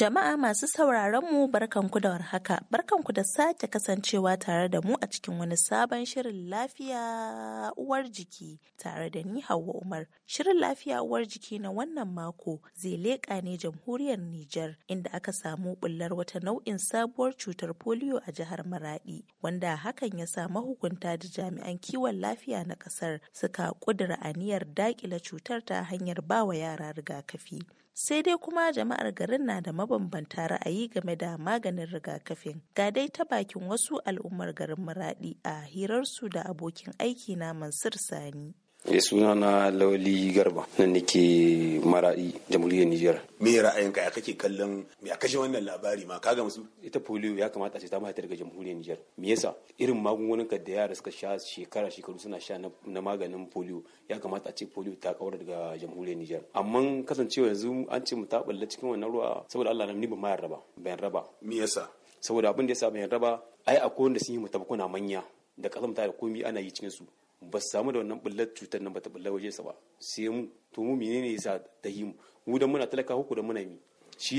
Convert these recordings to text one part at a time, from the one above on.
Jama'a masu sauraron mu barkanku da warhaka, barkanku da sake kasancewa tare da mu a cikin wani sabon shirin lafiya uwar jiki tare da ni Hauwa Umar. Shirin lafiya uwar jiki na wannan mako zai leƙa ne jamhuriyar Nijar inda aka samu bullar wata nau'in sabuwar cutar polio a jihar Maradi wanda hakan ya sa mahukunta da jami'an kiwon lafiya na ƙasar suka ƙudura aniyar daƙile cutar ta hanyar bawa yara rigakafi. Sai dai kuma jama'ar garin na da mabambanta ra'ayi game da maganin rigakafin. Ga dai ta bakin wasu al'ummar garin muradi a hirarsu da abokin aiki na Mansur Sani. ya eh, suna na lawali garba nan nake maradi jamhuriyar nijar me ka ya kake kallon ya kashe wannan labari ma kaga musu ita polio ya kamata a ce ta mahaitar daga jamhuriyar nijar me yasa irin magungunan ka da yara suka sha shekara shekaru suna sha na maganin polio ya kamata a ce polio ta kawar daga jamhuriyar nijar amma kasancewa yanzu an ce mu ta balla cikin wannan ruwa saboda Allah ni ba ma raba ban raba me yasa saboda abin da yasa ban raba ai akwai wanda sun yi mutabakuna manya da kasamta da komi ana yi cikin su ba su samu da wannan bullar cutar nan ba ta bullar waje sa ba sai mu to mu menene yasa ta yi mu dan muna talaka ko da muna mi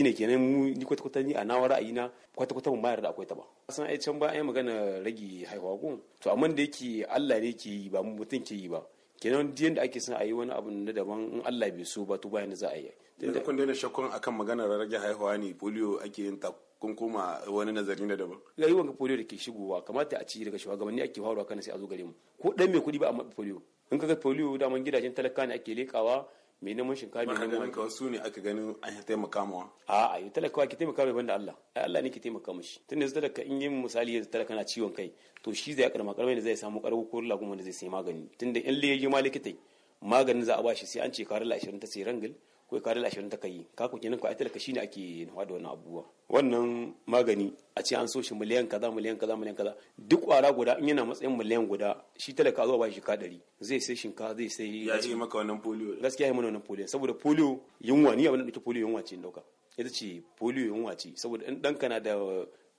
ne kenan mu ni kwata kwata ni a nawa ra'ayi na kwata kwata mu bayar da akwai ta ba san ai can ba ai magana rage haihuwa ko to amma da yake Allah ne ke yi ba mutum ke yi ba kenan duk da ake son a yi wani abu na daban in Allah bai so ba to bayan da za a yi da kun daina shakkun akan maganar rage haihuwa ne polio ake yin ta kun koma wani nazari na daban rayuwar ga polio da ke shigowa kamata a ci daga shugabanni ake faruwa kana sai a zo gare mu ko dan mai kuɗi ba a maɓa polio in ka ga polio daman gidajen talaka ne ake leƙawa mai neman shinkafa mai neman ka su ne aka gani an ya taimaka mawa a a yi talakawa ki taimaka mai banda Allah ai Allah ne ki taimaka mishi tunda yanzu talaka in yi misali yanzu talaka na ciwon kai to shi zai karma karmai da zai samu karwo ko lagun wanda zai sai magani tunda in liyaji ma likitai maganin za a ba shi sai an ce karala 20 ta sai rangil ko ka dala ashirin ta yi ka ku kenan ko ai talaka shine ake nawa da wannan abubuwa wannan magani a ce an so shi miliyan kaza miliyan kaza miliyan kaza duk kwara guda in yana matsayin miliyan guda shi talaka zuwa bashi shi ka dari zai sai shinkafa zai sai ya yi maka wannan polio gaskiya ya mana wannan polio saboda polio yunwa ni abin da polio yunwa ce in dauka ita ce polio yunwa ce saboda in ɗanka na da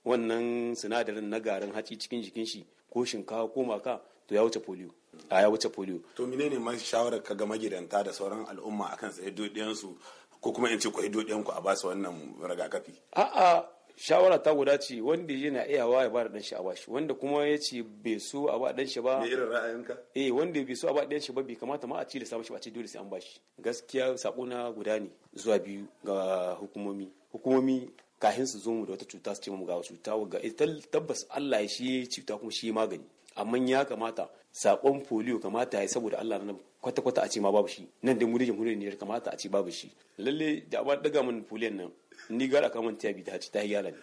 wannan sinadarin na garin hatsi cikin jikin shi ko shinkawa ko maka to ya wuce polio a ya wuce polio to menene ma shawara ka ga magidanta da sauran al'umma akan tsaye dodiyan su ko kuma in ce ku dodiyan ku a ba su wannan rigakafi a'a shawara ta guda ce wanda yana iyawa ya ba da dan shi a bashi wanda kuma ya ce bai so a ba dan shi ba me irin ra'ayinka eh wanda bai so a ba dan shi ba bai kamata ma a ci da samu shi ba a ce dole sai an bashi gaskiya sako na guda ne zuwa biyu ga hukumomi hukumomi kahin su zo mu da wata cuta su ce mu ga cuta ga eh, tabbas Allah ya shi cuta kuma shi magani amma ya kamata sakon polio kamata ya saboda Allah na kwata kwata a ce ma babu shi nan da mu da jamhuriyar Niger kamata a ce babu shi lalle da ba daga mun polio nan ni gara ka mun bi da ta yala ne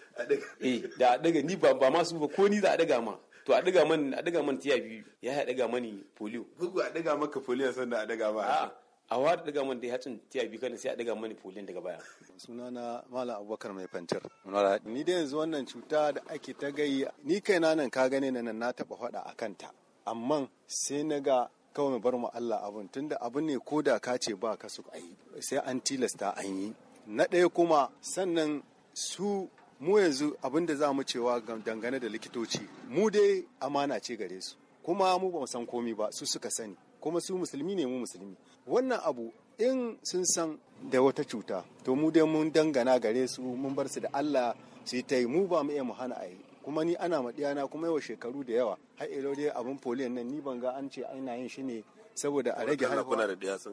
eh da daga ni ba ba su ba ko ni za a daga ma to a daga man a daga man tiyabi ya daga mani polio gugu a daga maka polio sannan a daga ba a wa da daga mun da ya hatsin tiya biyu kana sai a daga mani folin daga baya sunana malam abubakar mai fantir ni da yanzu wannan cuta da ake ta gayi ni kai na nan ka gane nan na taba faɗa a kanta amma sai na ga kawai bar mu Allah abun tunda abun ne ko da ka ce ba ka su ayi sai an tilasta an yi na ɗaya kuma sannan su mu yanzu abin da za mu cewa dangane da likitoci mu dai amana ce gare su kuma mu ba san komi ba su suka sani kuma su musulmi ne mu musulmi wannan abu in sun san da wata cuta to mu dai mun dangana gare su mun bar su da Allah su yi ta yi mu ba mu iya mu hana a yi kuma ni ana maɗiyana kuma yawa shekaru da yawa har ilo dai abin poliyon nan ni ban ga an ce ana yin shi ne saboda a rage haihuwa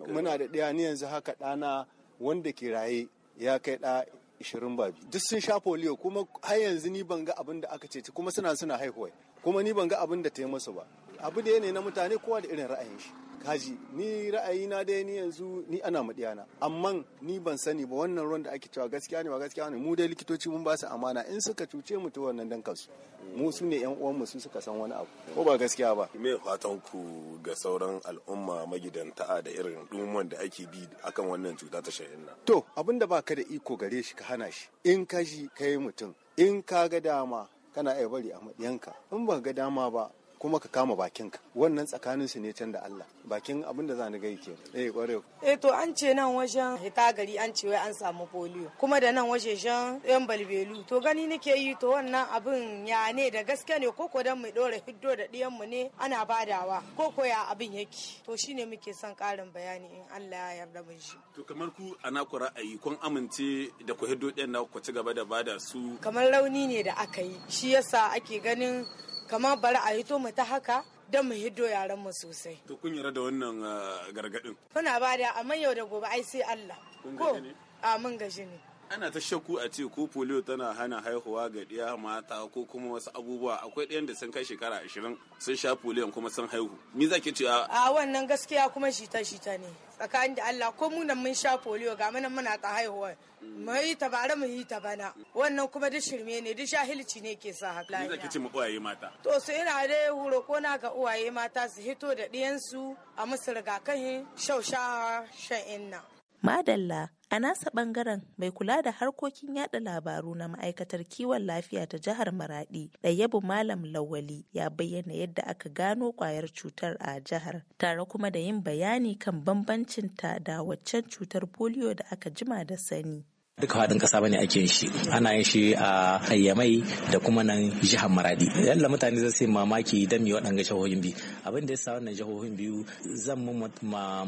muna da ɗaya ni yanzu haka ɗana wanda ke raye ya kai ɗa ishirin ba biyu duk sun sha foliyo kuma har yanzu ni ban ga abin da aka ce kuma suna suna haihuwa kuma ni ban ga abin da ta yi musu ba abu da yanayi na mutane kowa da irin ra'ayin shi kaji ni ra'ayina dai ni yanzu ni ana madiyana amma ni ban sani ba wannan ruwan da ake cewa gaskiya ne ba gaskiya ne mu dai likitoci mun ba su amana in suka cuce mu to wannan dan kansu mu su ne yan uwan mu su suka san wani abu ko ba gaskiya ba me fatan ku ga sauran al'umma magidanta da irin dumon da ake bi akan wannan cuta ta shayin nan to abinda baka da iko gare shi ka hana shi in ka ji kai mutum in ka ga dama kana iya bari a madiyanka in ba ga dama ba kuma ka kama bakinka wannan tsakanin su ne can da Allah bakin abin da za ni gai eh kware eh to an ce nan wajen hita gari an ce wai an samu polio kuma da nan waje wajejen yan balbelu to gani nake yi to wannan abin ya ne da gaske ne ko ko dan mu dora hiddo da diyan mu ne ana badawa ko ko ya abin yake to shine muke son karin bayani in Allah ya yarda mun shi to kamar ku ana ku ra'ayi kun amince da ku hiddo din na ku ci gaba da bada su kamar rauni ne da aka yi shi yasa ake ganin kamar bari a hito mu ta haka don mu hiddo yaran mu sosai. To kun yi da wannan ah, gargadin. Kuna ba da amma yau da gobe ai sai Allah. ko A ah, mun gaji ne. Ana ta shakku a ce ko polio tana hana haihuwa ga ɗiya mata ko kuma wasu abubuwa akwai ɗayan da sun kai shekara ashirin sun sha polio kuma sun haihu. Me za ke cewa? A ah, wannan gaskiya kuma shita shita ne. tsakanin da Allah ko mu mun sha polio ga mu nan muna ta haihuwa mu yi ta bare mu yi ta bana wannan kuma da shirme ne da shahilci ne ke sa haka ne kici mu uwaye mata to su ina dai huro ko na ga uwaye mata su hito da su a musu rigakafin shausha shan inna Madalla a nasa bangaren mai kula da harkokin yada labaru na ma'aikatar kiwon lafiya ta jihar Maradi Ɗayyabu Malam Lawali ya bayyana yadda aka gano kwayar cutar a jihar tare kuma da yin bayani kan bambancinta da waccan cutar polio da aka jima da sani. duka faɗin ƙasa bane ake yin shi ana yin shi a ayyamai da kuma nan jihar maradi yalla mutane zai sai mamaki dan mi waɗanga jihohin biyu abin da ya sa wannan jihohin biyu zan mu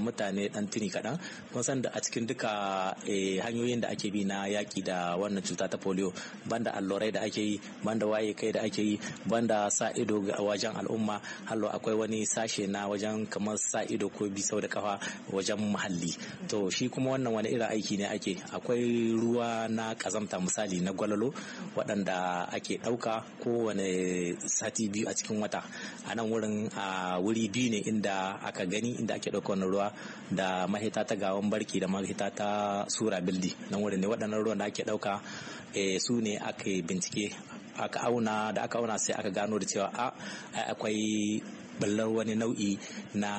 mutane dan tuni kaɗan kun san da a cikin duka eh, hanyoyin da ake bi na yaƙi da wannan cuta ta polio banda allurai da ake yi banda waye kai da ake yi banda sa ido wajen al'umma hallo akwai wani sashe na wajen kamar sa ido ko bi sau da kafa wajen muhalli to shi kuma wannan wani irin aiki ne ake akwai ruwa na kazamta misali na gwalalo waɗanda ake ɗauka kowane sati biyu a cikin wata a nan wurin a wuri biyu ne inda aka gani inda ake ɗauka wani ruwa da mahita ta gawan barki da mahita ta sura bildi nan wurin ne waɗannan ruwan da ake ɗauka eh, su ne aka bincike da aka auna sai aka gano da cewa a ah, akwai ballar wani nau'i na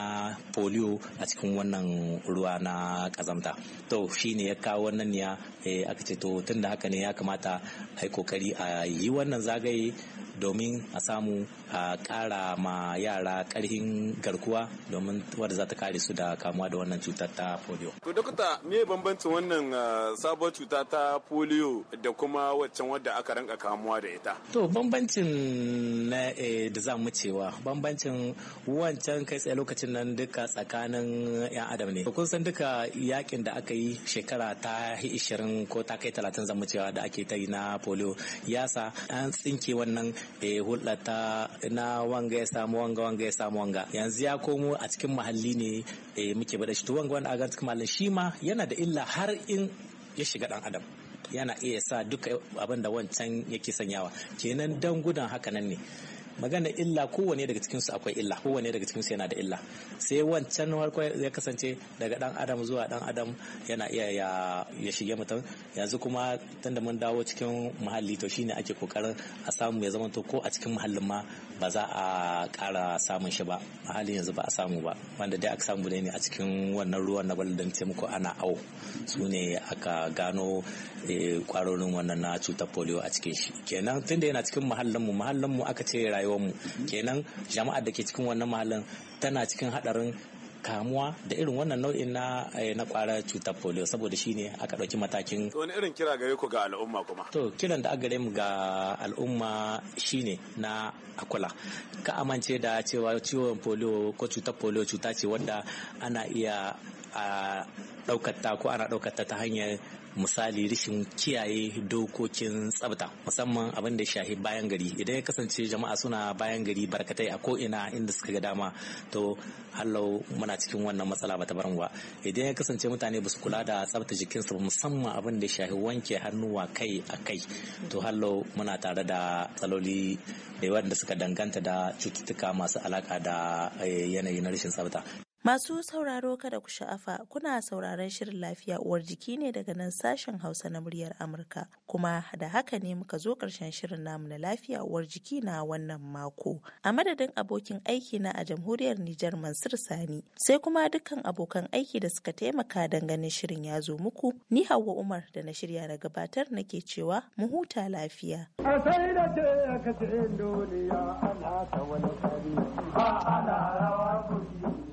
polio a cikin wannan ruwa na kazamta to shi ne ya kawo wannan ya eh, aka ce to tun da haka ne ya kamata a yi kokari a yi wannan zagaye domin a samu a kara ma yara karhin garkuwa domin wadda za ta kare su da kamuwa da wannan cuta ta polio. To dokta me bambancin wannan ah, sabon cuta ta polio da kuma waccan wadda aka ranka kamuwa da ita? To bambancin na eh, da za mu cewa bambancin wancan kai tsaye lokacin nan duka tsakanin 'yan adam ne. Kun san duka yakin da aka yi shekara ta 20 ko ta kai 30 zamu cewa da ake ta yi na polio yasa an tsinke wannan eh hulɗata na wanga ya samu wanga wanga ya samu wanga yanzu ya komo a cikin mahalli ne e, muke bada shi to wanga wanda a cikin mahallin shi ma yana da illa har in ya shiga dan adam yana iya sa duka abin da wancan yake sanyawa kenan dan gudan haka nan ne magana illa kowane daga cikinsu akwai illa kowane daga cikinsu yana da illa sai wancan farko ya kasance daga dan adam zuwa dan adam yana iya ya shige mutum yanzu kuma tunda mun dawo cikin muhalli to shine ake kokarin a samu ya zama to ko a cikin muhallin ma ba za a kara samun shi ba muhallin yanzu ba a samu ba wanda dai aka samu ne a cikin wannan ruwan na baldan taimako ana awo su ne aka gano kwarorin eh, wannan na cutar polio a cikin shi kenan tunda yana cikin muhallin mu muhallin mu aka ce rayuwarmu kenan jama'ar da ke cikin wannan mahallin tana cikin hadarin kamuwa da irin wannan nau'in na eh, na kwarar cutar polio saboda shine aka ɗauki matakin wani irin kira gare ku ga al'umma kuma to kiran da aka mu ga al'umma shine na akula ka amince da cewa ciwon polio ko cutar polio cuta ce wanda ana iya a ah, ɗaukata ko ana ɗaukata ta hanyar misali rashin kiyaye dokokin tsabta musamman abin da shahi bayan gari idan ya kasance jama'a suna bayan gari barkatai a ko'ina ina inda suka ga dama to hallau muna cikin wannan matsala bata barin ba idan ya kasance mutane ba su kula da tsabta jikinsu ba musamman abin da shahi wanke hannuwa kai a kai to hallau muna tare da tsaloli da wanda suka danganta da cututtuka masu alaka da eh, yanayi na rashin tsabta Masu sauraro kada ku sha'afa kuna sauraron shirin lafiya uwar jiki ne daga nan sashen Hausa na muryar Amurka kuma da haka ne muka zo ƙarshen shirin namu na lafiya uwar jiki na wannan mako. A madadin abokin aiki na a jamhuriyar Nijar Mansur Sani sai kuma dukkan abokan aiki da suka taimaka don ganin shirin ya zo muku ni Hauwa Umar da na shirya na gabatar nake cewa mu huta lafiya. ba ana rawa